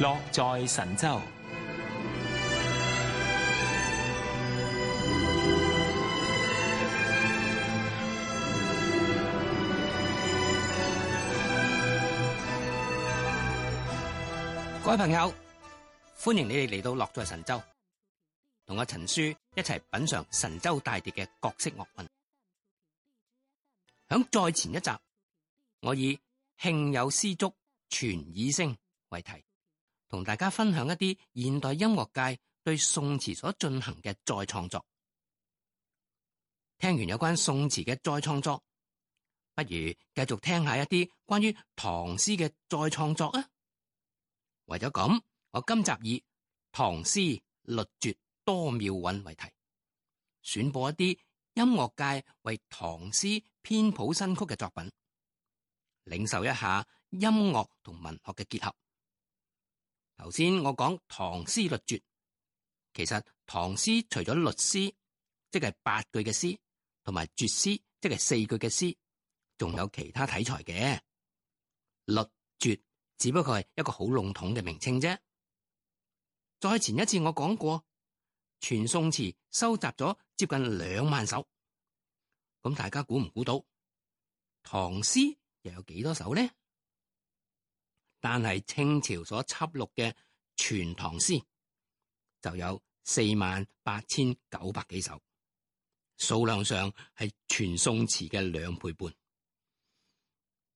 樂在神州，各位朋友，歡迎你哋嚟到樂在神州，同阿陳書一齊品嘗神州大地嘅各色樂韻。響再前一集，我以“興有絲竹，傳以聲”為題。同大家分享一啲現代音樂界對宋詞所進行嘅再創作。聽完有關宋詞嘅再創作，不如繼續聽下一啲關於唐詩嘅再創作啊！為咗咁，我今集以唐詩律絕多妙韻為題，選播一啲音樂界為唐詩編譜新曲嘅作品，領受一下音樂同文學嘅結合。頭先我講唐詩律絕，其實唐詩除咗律詩，即係八句嘅詩，同埋絕詩，即係四句嘅詩，仲有其他題材嘅律絕，只不過係一個好籠統嘅名稱啫。再前一次我講過，全宋詞收集咗接近兩萬首，咁大家估唔估到唐詩又有幾多首呢？但係清朝所輯錄嘅全唐詩就有四萬八千九百幾首，數量上係全宋詞嘅兩倍半。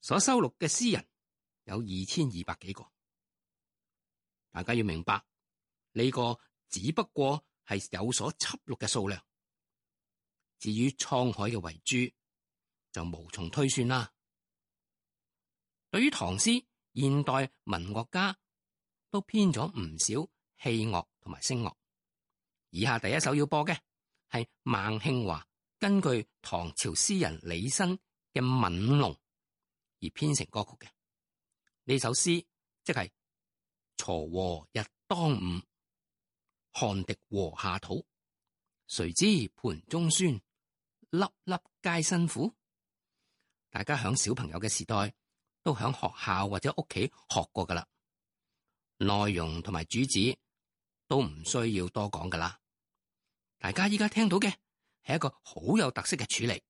所收錄嘅詩人有二千二百幾個，大家要明白呢個只不過係有所輯錄嘅數量，至於滄海嘅遺珠就無從推算啦。對於唐詩，現代民樂家都編咗唔少器樂同埋聲樂。以下第一首要播嘅係孟慶華根據唐朝詩人李紳嘅《憫農》而編成歌曲嘅。呢首詩即係鋤禾日當午，汗滴禾下土。誰知盤中餐，粒粒皆辛苦。大家響小朋友嘅時代。都響學校或者屋企學過噶啦，內容同埋主旨都唔需要多講噶啦，大家依家聽到嘅，係一個好有特色嘅處理。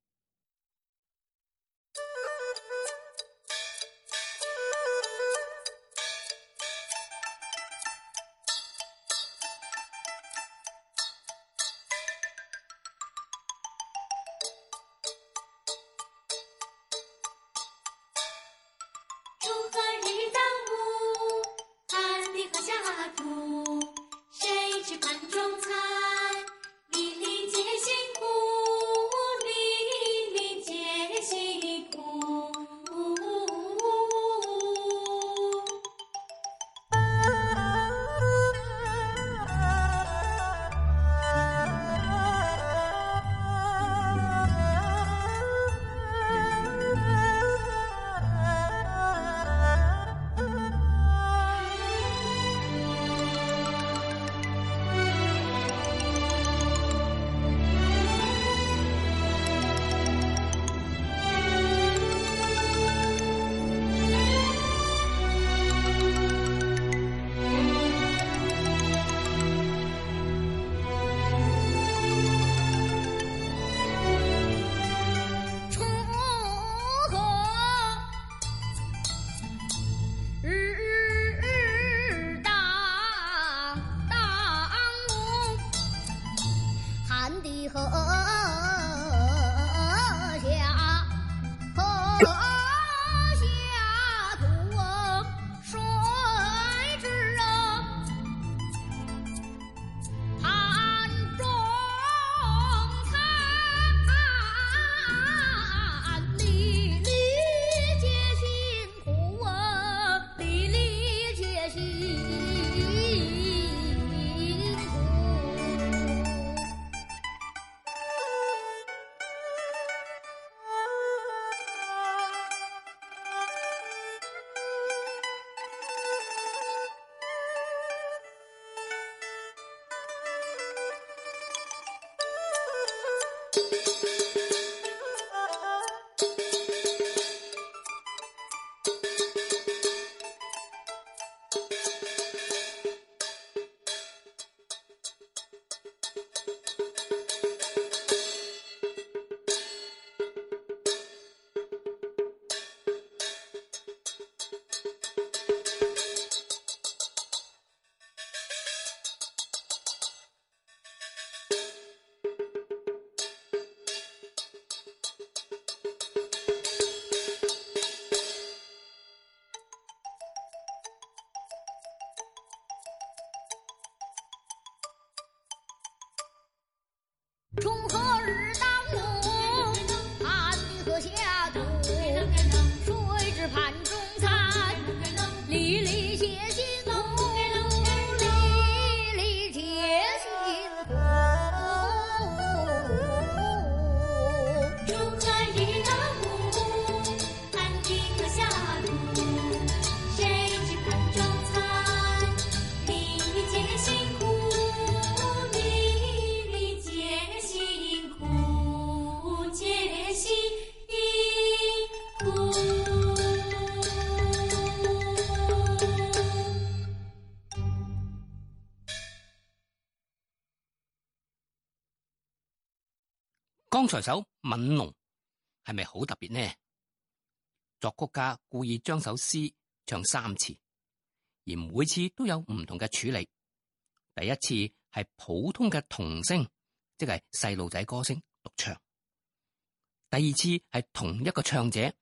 才手憫農係咪好特別呢？作曲家故意將首詩唱三次，而每次都有唔同嘅處理。第一次係普通嘅童聲，即係細路仔歌聲獨唱；第二次係同一個唱者，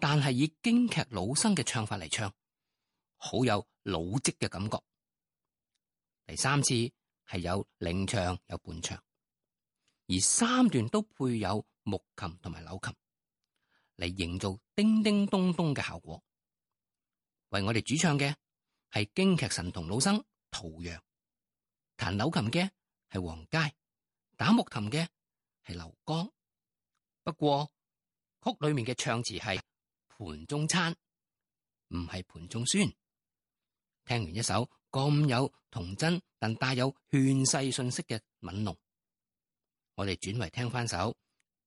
但係以京劇老生嘅唱法嚟唱，好有老積嘅感覺；第三次係有領唱，有伴唱。而三段都配有木琴同埋柳琴，嚟營造叮叮咚咚嘅效果。為我哋主唱嘅係京劇神童老生陶陽，彈柳琴嘅係王佳，打木琴嘅係劉剛。不過曲裏面嘅唱詞係盤中餐，唔係盤中飧。聽完一首咁有童真但帶有勸世信息嘅憫農。我哋轉為聽翻首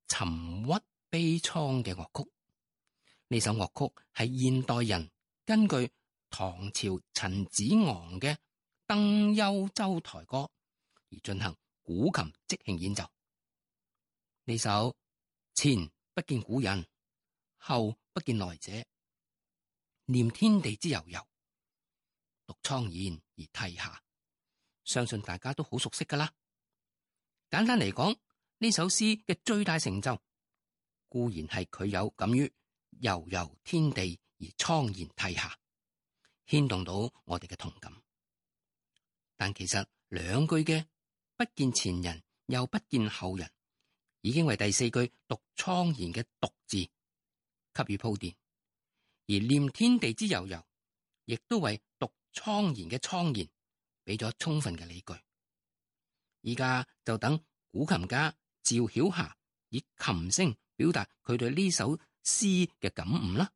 沉鬱悲愴嘅樂曲，呢首樂曲係現代人根據唐朝陳子昂嘅《登幽州台歌》而進行古琴即興演奏。呢首前不見古人，後不見來者，念天地之悠悠，獨愴然而涕下。相信大家都好熟悉噶啦。簡單嚟講，呢首詩嘅最大成就固然係佢有感於悠悠天地而愴然涕下，牽動到我哋嘅同感。但其實兩句嘅不見前人又不見後人，已經為第四句獨愴然嘅獨字給予鋪墊，而念天地之悠悠，亦都為獨愴然嘅愴然俾咗充分嘅理據。依家就等古琴家趙曉霞以琴聲表達佢對呢首詩嘅感悟啦。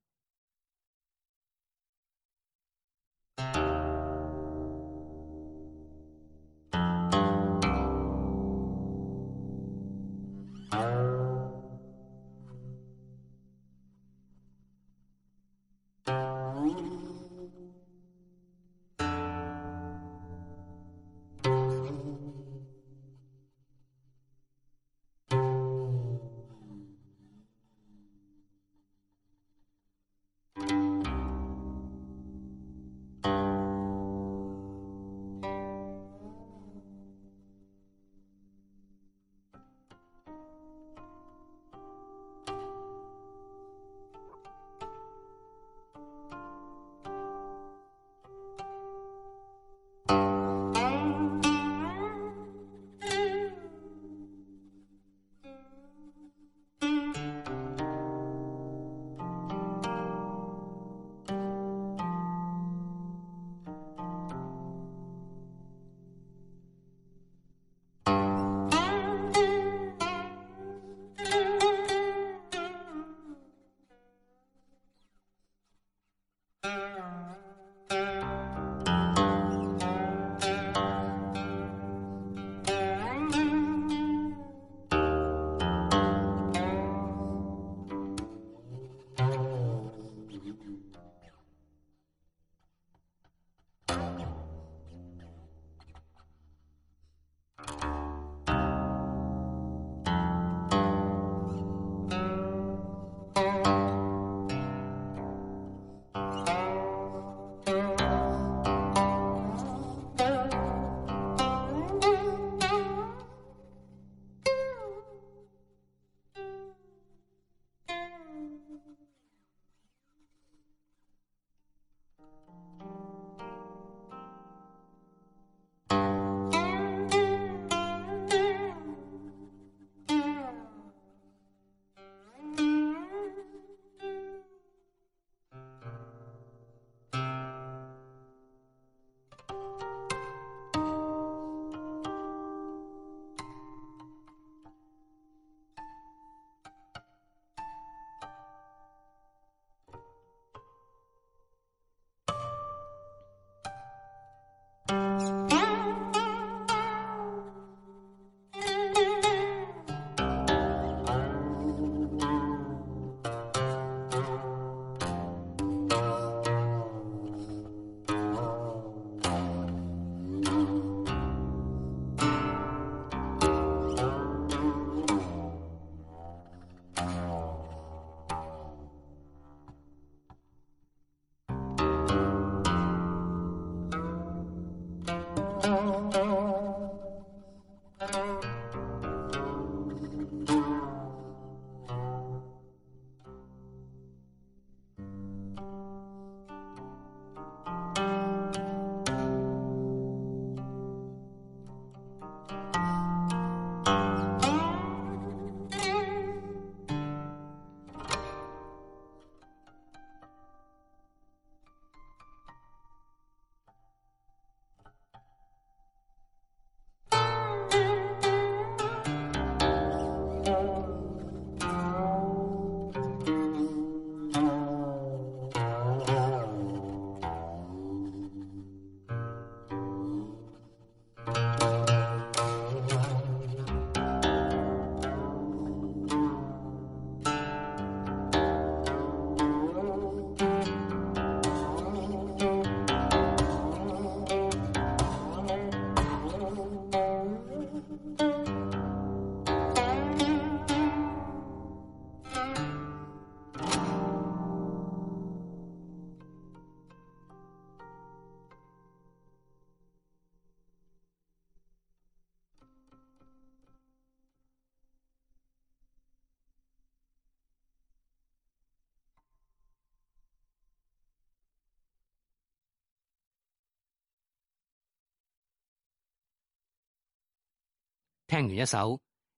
聽完一首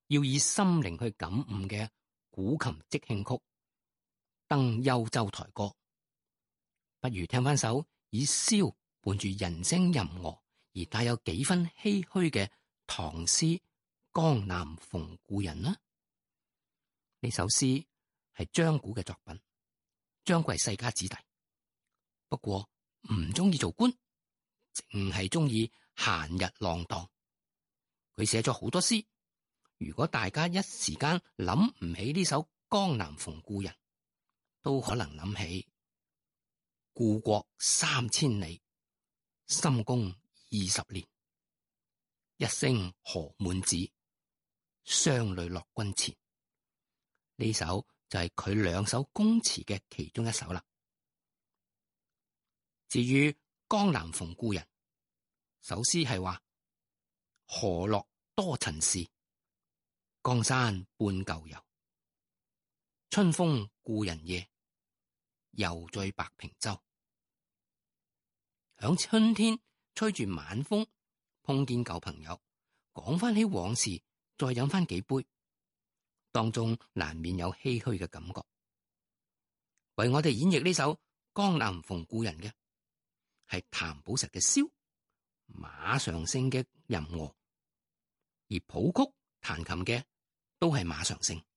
要以心靈去感悟嘅古琴即興曲《登幽州台歌》，不如聽翻首以簫伴住人聲吟和而帶有幾分唏噓嘅唐詩《江南逢故人》呢啦。呢首詩係張古嘅作品，張古係世家子弟，不過唔中意做官，淨係中意閒日浪蕩。佢寫咗好多詩，如果大家一時間諗唔起呢首《江南逢故人》，都可能諗起《故國三千里，深宮二十年》，一聲何滿子，雙淚落君前。呢首就係佢兩首宮詞嘅其中一首啦。至於《江南逢故人》，首詩係話。何樂多塵事，江山半舊遊。春風故人夜，又醉白蘋洲。響春天吹住晚風，碰見舊朋友，講翻起往事，再飲翻幾杯，當中難免有唏噓嘅感覺。為我哋演繹呢首《江南逢故人》嘅，係譚寶碩嘅蕭馬常勝嘅。任何而譜曲彈琴嘅都係馬常勝。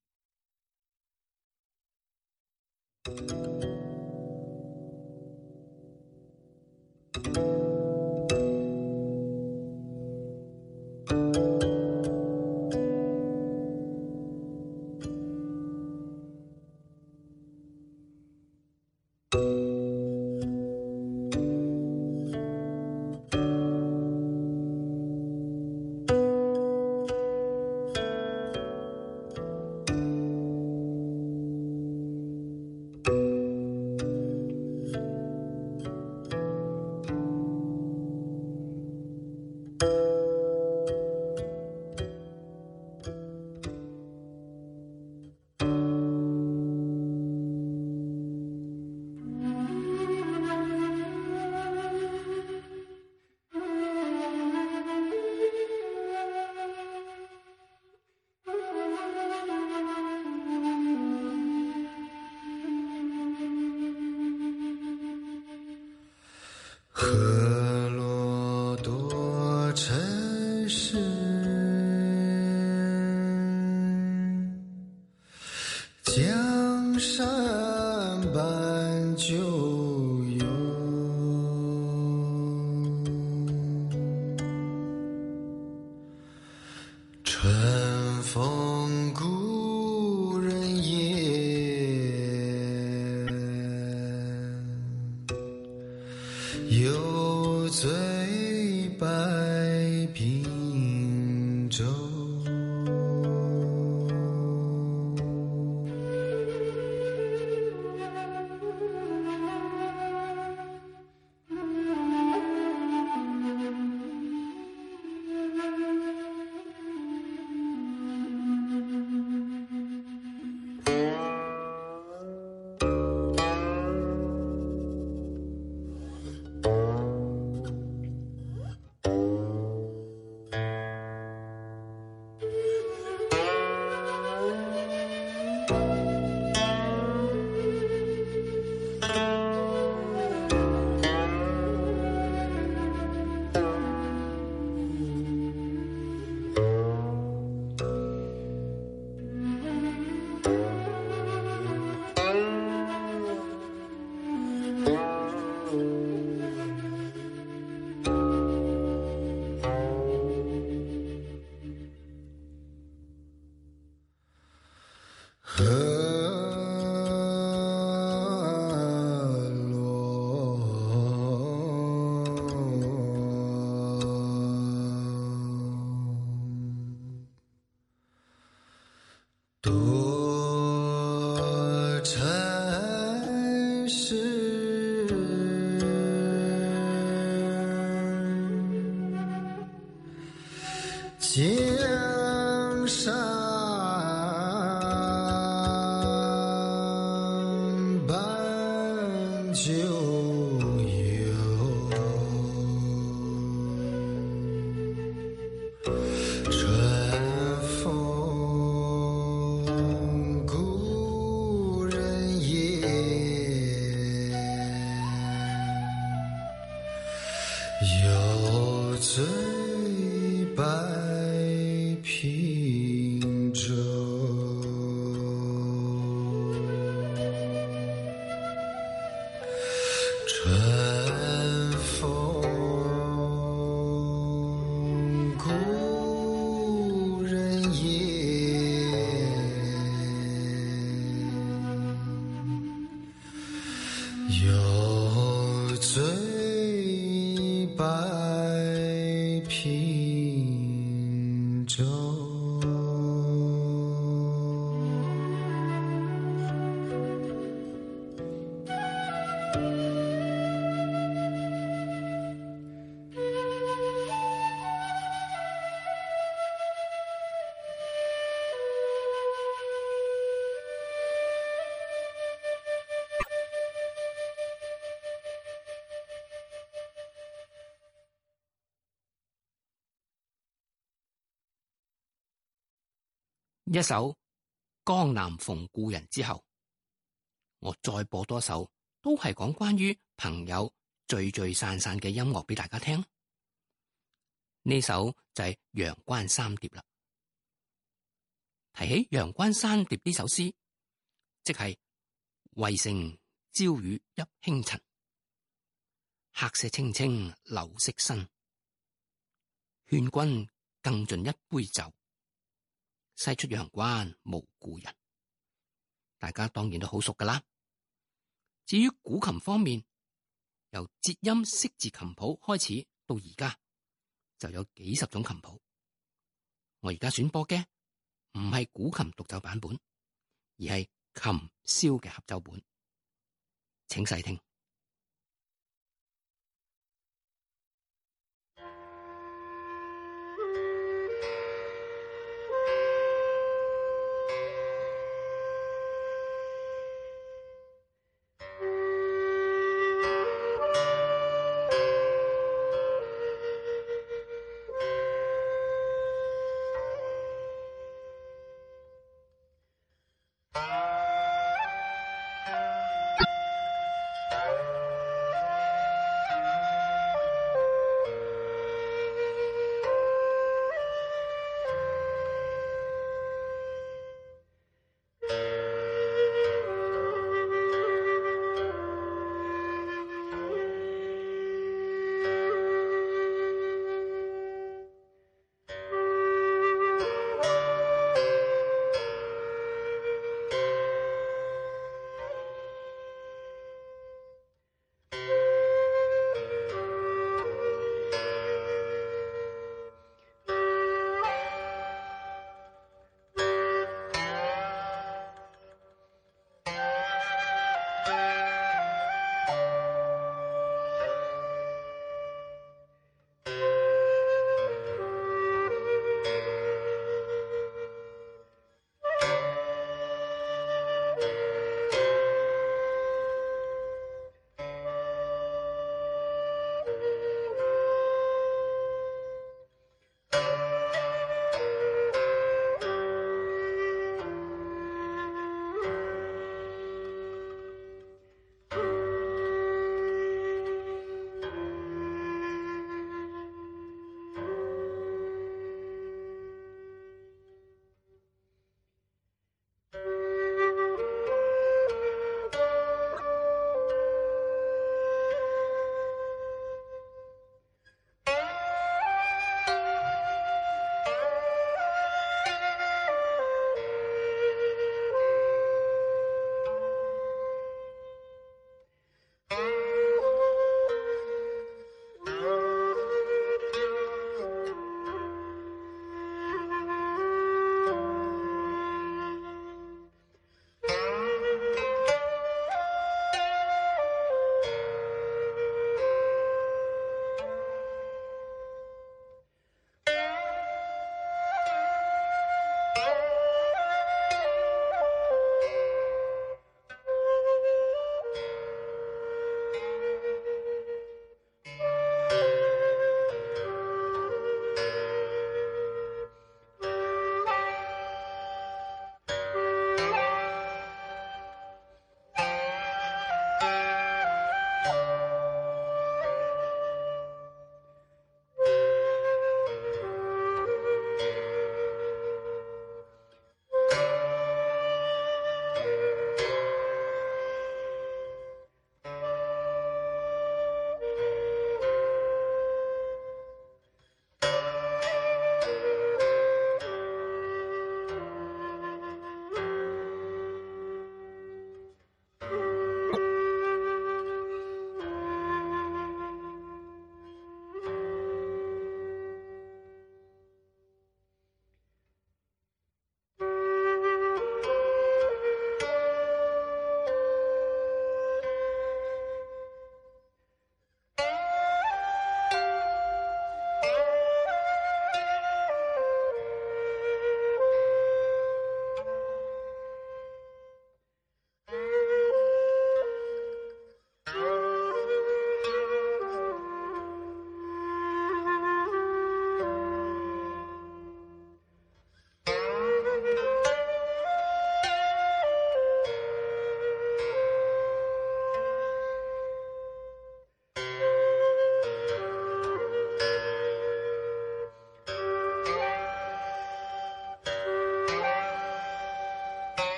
江山。一首《江南逢故人》之後，我再播多首都係講關於朋友聚聚散散嘅音樂俾大家聽。呢首就係、是《陽關三疊》啦。提起《陽關三疊》呢首詩，即係渭城朝雨浥輕塵，客舍青青柳色新，勸君更盡一杯酒。西出陽關無故人，大家當然都好熟噶啦。至於古琴方面，由浙音釋字琴譜開始到，到而家就有幾十種琴譜。我而家選播嘅唔係古琴獨奏版本，而係琴簫嘅合奏本，請細聽。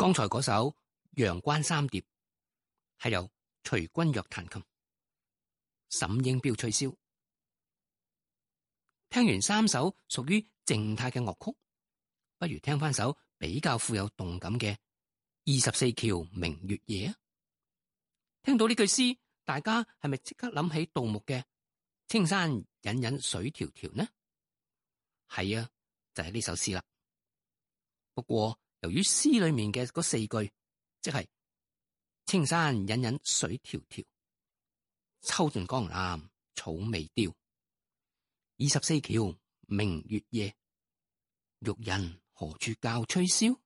剛才嗰首《陽關三疊》係由徐君躍彈琴，沈英彪吹簫。聽完三首屬於靜態嘅樂曲，不如聽翻首比較富有動感嘅《二十四橋明月夜》。聽到呢句詩，大家係咪即刻諗起杜牧嘅《青山隱隱水迢迢》呢？係啊，就係、是、呢首詩啦。不過，由於詩裏面嘅嗰四句，即係青山隱隱水迢迢，秋盡江南草未凋；二十四橋明月夜，玉人何處教吹簫，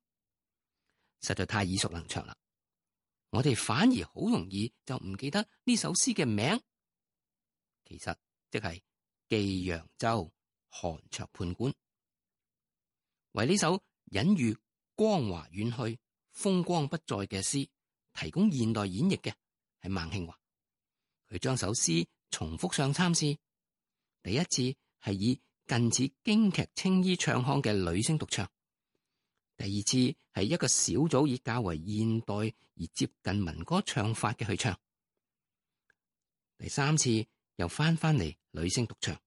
實在太耳熟能詳啦。我哋反而好容易就唔記得呢首詩嘅名，其實即係《寄揚州韓綽判官》，為呢首隱喻。光華遠去，風光不再嘅詩，提供現代演繹嘅係孟慶華。佢將首詩重複上三次，第一次係以近似京劇青衣唱腔嘅女聲獨唱，第二次係一個小組以較為現代而接近民歌唱法嘅去唱，第三次又翻返嚟女聲獨唱。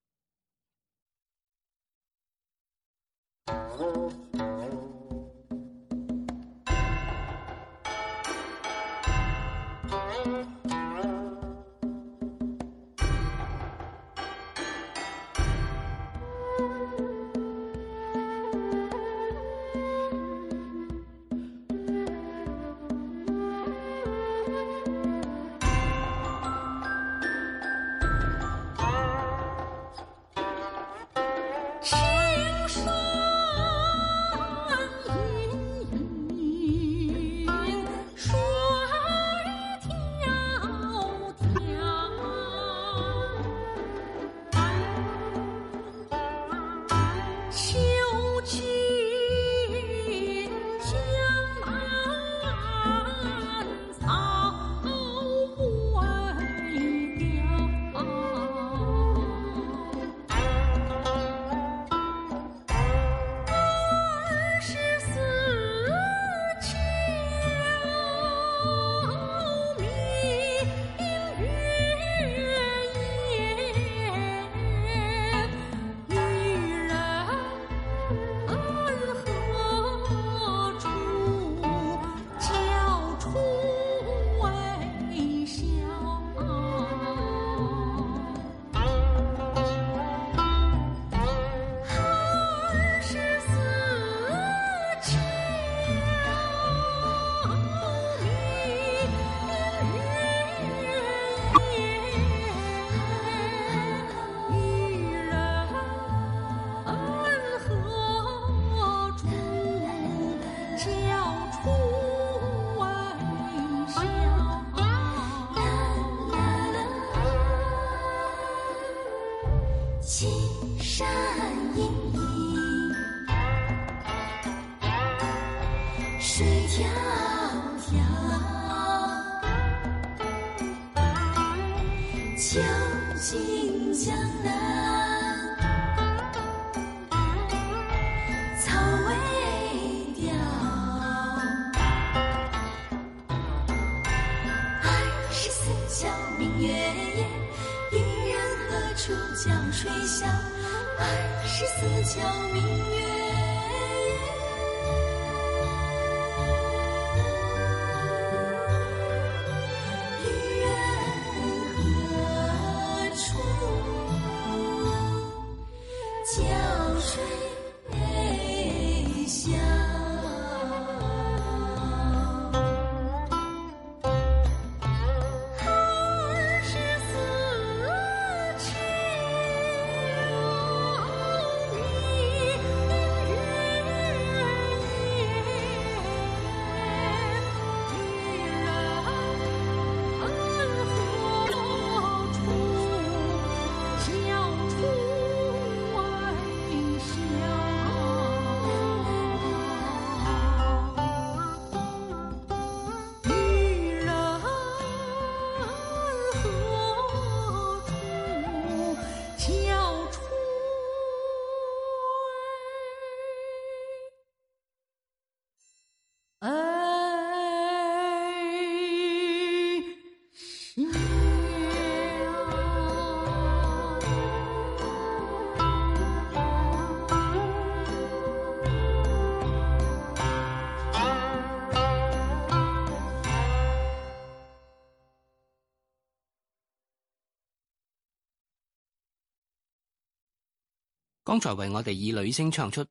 剛才為我哋以女聲唱出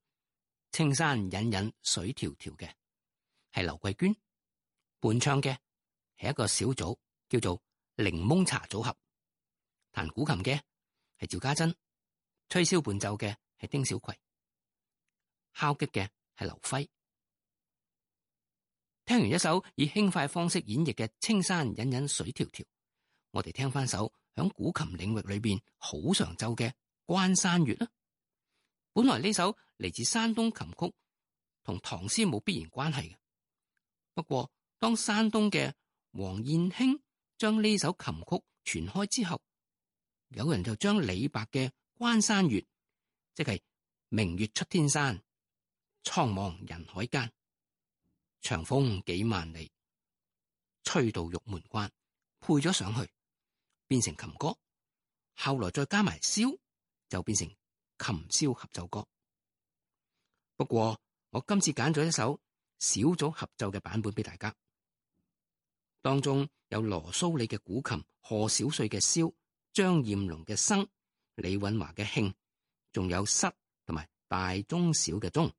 青山隱隱水迢迢嘅係劉桂娟，伴唱嘅係一個小組，叫做檸檬茶組合，彈古琴嘅係趙家珍，吹簫伴奏嘅係丁小逵，敲擊嘅係劉輝。聽完一首以輕快方式演繹嘅青山隱隱水迢迢，我哋聽翻首響古琴領域裏邊好常奏嘅《關山月》啦。本來呢首嚟自山東琴曲，同唐詩冇必然關係嘅。不過當山東嘅王燕卿將呢首琴曲傳開之後，有人就將李白嘅《關山月》，即係明月出天山，蒼茫人海間，長風幾萬里，吹度玉門關，配咗上去，變成琴歌。後來再加埋簫，就變成琴簫合奏歌，不過我今次揀咗一首小組合奏嘅版本俾大家，當中有羅蘇理嘅古琴、賀小帥嘅簫、張艷龍嘅笙、李韻華，李韻華嘅磬，仲有失同埋大中小嘅鐘。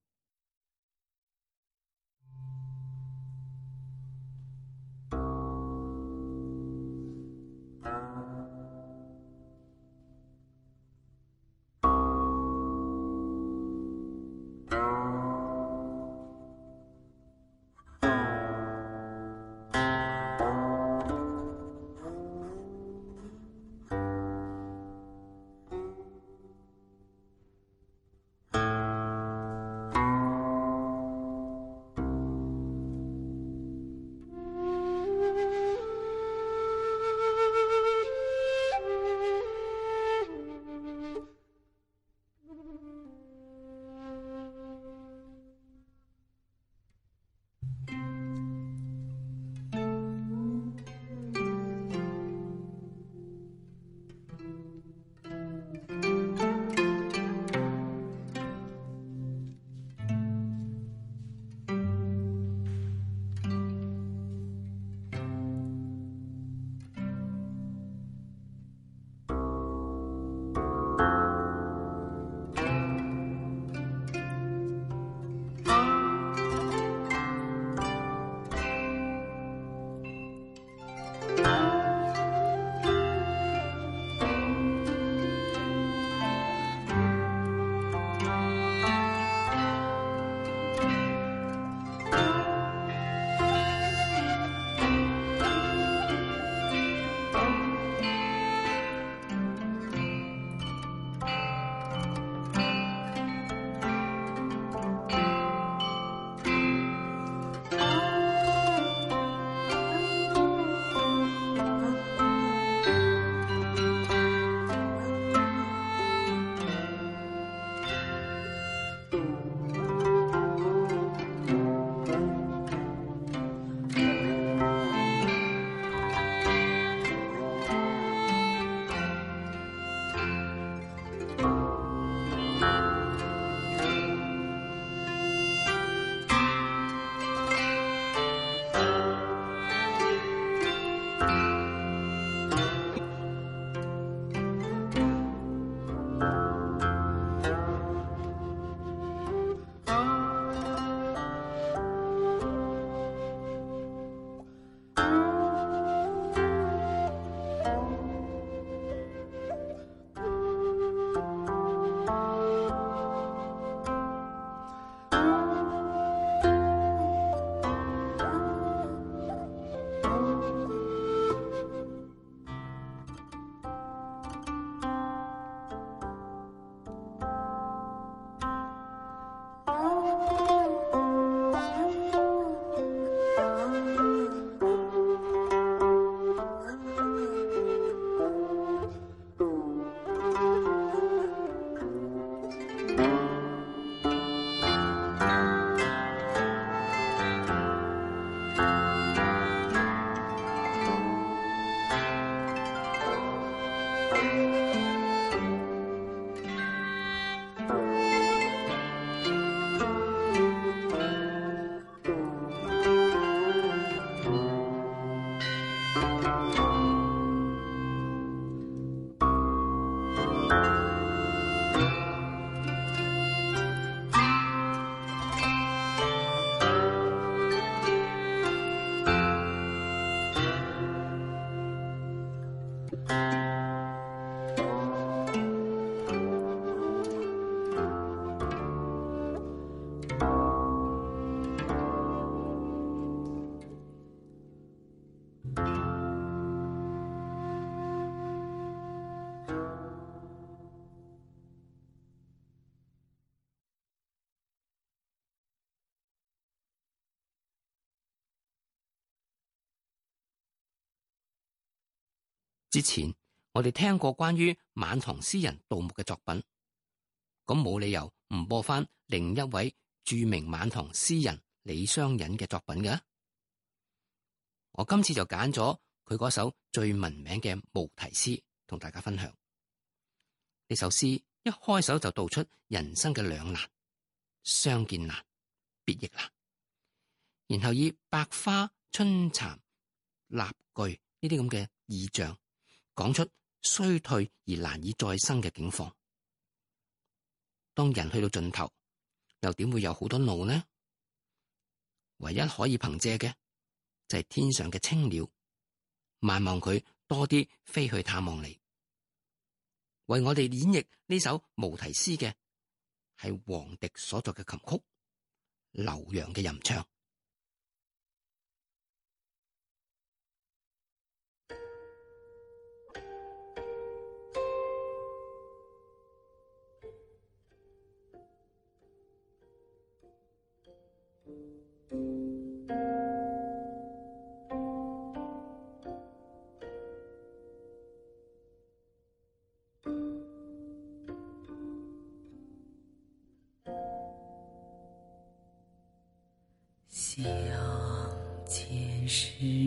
之前我哋聽過關於晚唐詩人杜牧嘅作品，咁冇理由唔播翻另一位著名晚唐詩人李商隱嘅作品嘅。我今次就揀咗佢嗰首最聞名嘅《無題詩》同大家分享。呢首詩一開首就道出人生嘅兩難，相見難，別亦難。然後以百花、春蠶、蠟炬呢啲咁嘅意象。這講出衰退而難以再生嘅境況，當人去到盡頭，又點會有好多路呢？唯一可以憑借嘅就係、是、天上嘅青鳥，萬望佢多啲飛去探望你。為我哋演繹呢首《無題詩》嘅係王迪所作嘅琴曲，劉楊嘅吟唱。相見時。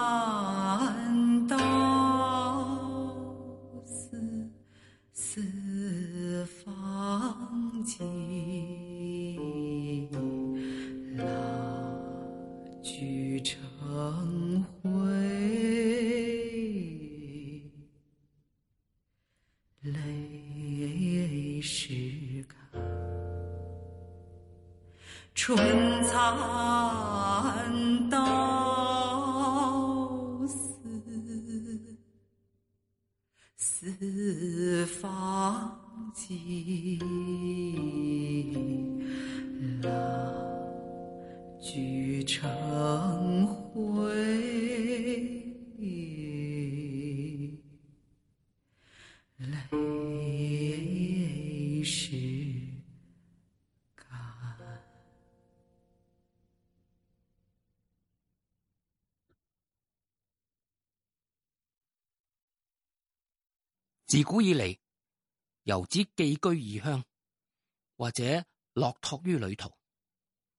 自古以嚟，遊子寄居異鄉或者落拓於旅途，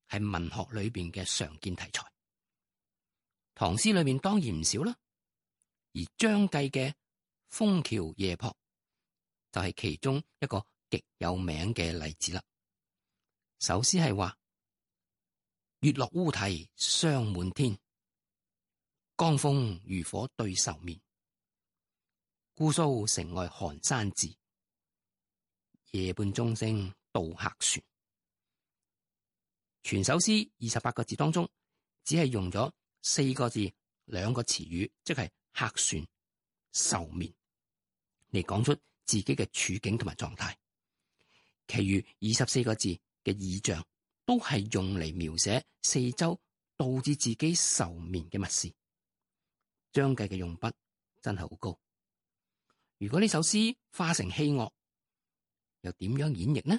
係文學裏邊嘅常見題材。唐詩裏面當然唔少啦，而張繼嘅《楓橋夜泊》就係、是、其中一個極有名嘅例子啦。首詩係話：月落烏啼霜滿天，江楓漁火對愁眠。姑蘇城外寒山寺，夜半鐘聲到客船。全首詩二十八個字當中，只係用咗四個字，兩個詞語，即係客船、愁眠，嚟講出自己嘅處境同埋狀態。其餘二十四個字嘅意象，都係用嚟描寫四周導致自己愁眠嘅密事。張繼嘅用筆真係好高。如果呢首詩化成器樂，又點樣演繹呢？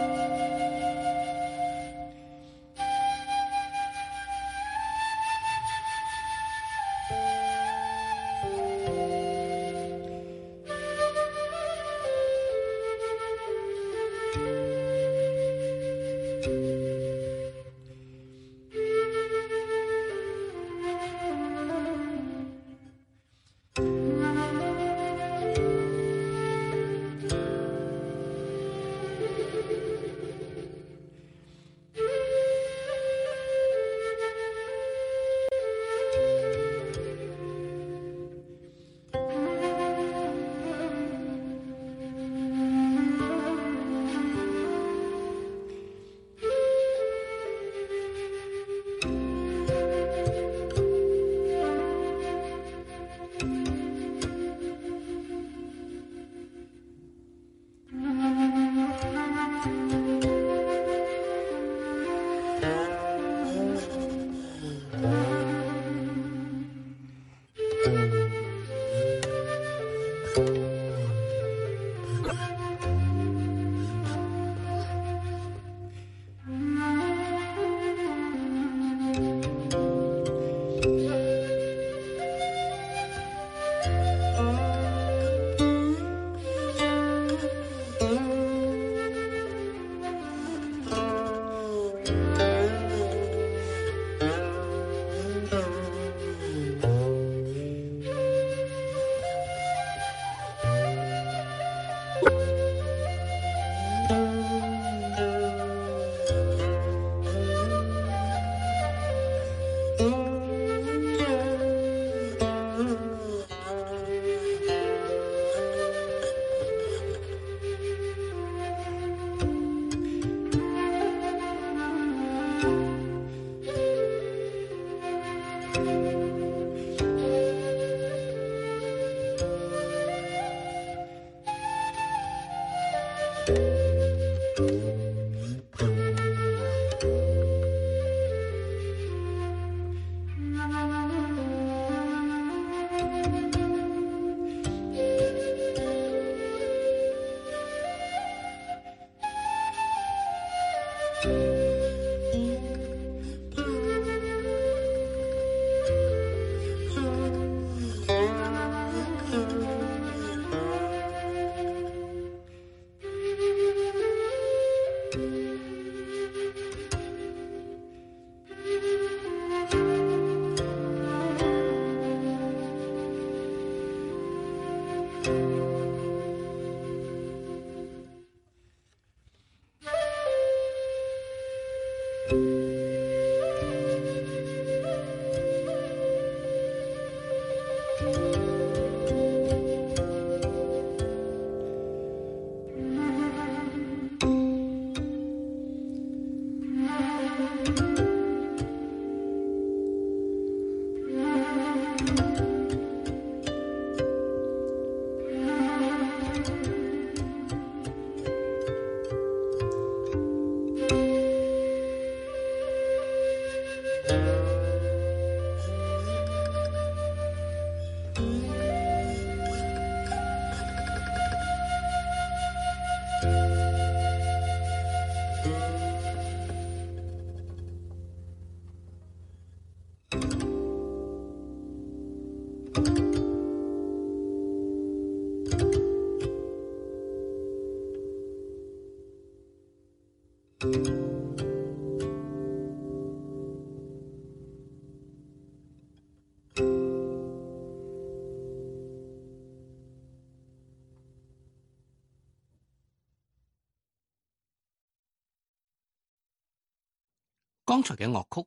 剛才嘅樂曲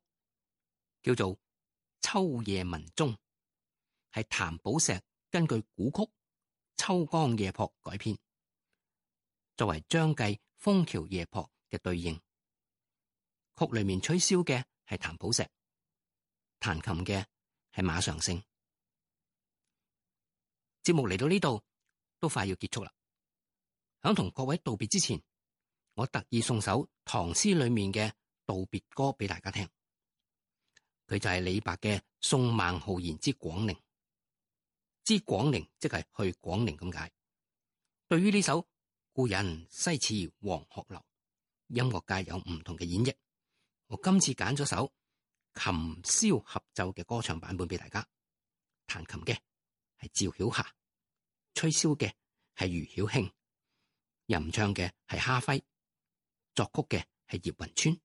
叫做《秋夜聞鐘》，係譚寶碩根據古曲《秋江夜泊》改編，作為張繼《楓橋夜泊》嘅對應。曲裏面吹簫嘅係譚寶碩，彈琴嘅係馬常勝。節目嚟到呢度都快要結束啦，想同各位道別之前，我特意送首唐詩裏面嘅。道別歌俾大家聽，佢就係李白嘅《送孟浩然之廣陵》之廣陵。之廣陵即係去廣陵咁解。對於呢首《故人西辭黃鶴樓》，音樂界有唔同嘅演繹，我今次揀咗首琴簫合奏嘅歌唱版本俾大家。彈琴嘅係趙曉霞，吹簫嘅係喻曉慶，吟唱嘅係哈輝，作曲嘅係葉雲川。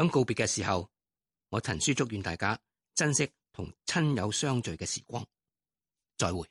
想告別嘅時候，我陳書祝願大家珍惜同親友相聚嘅時光，再會。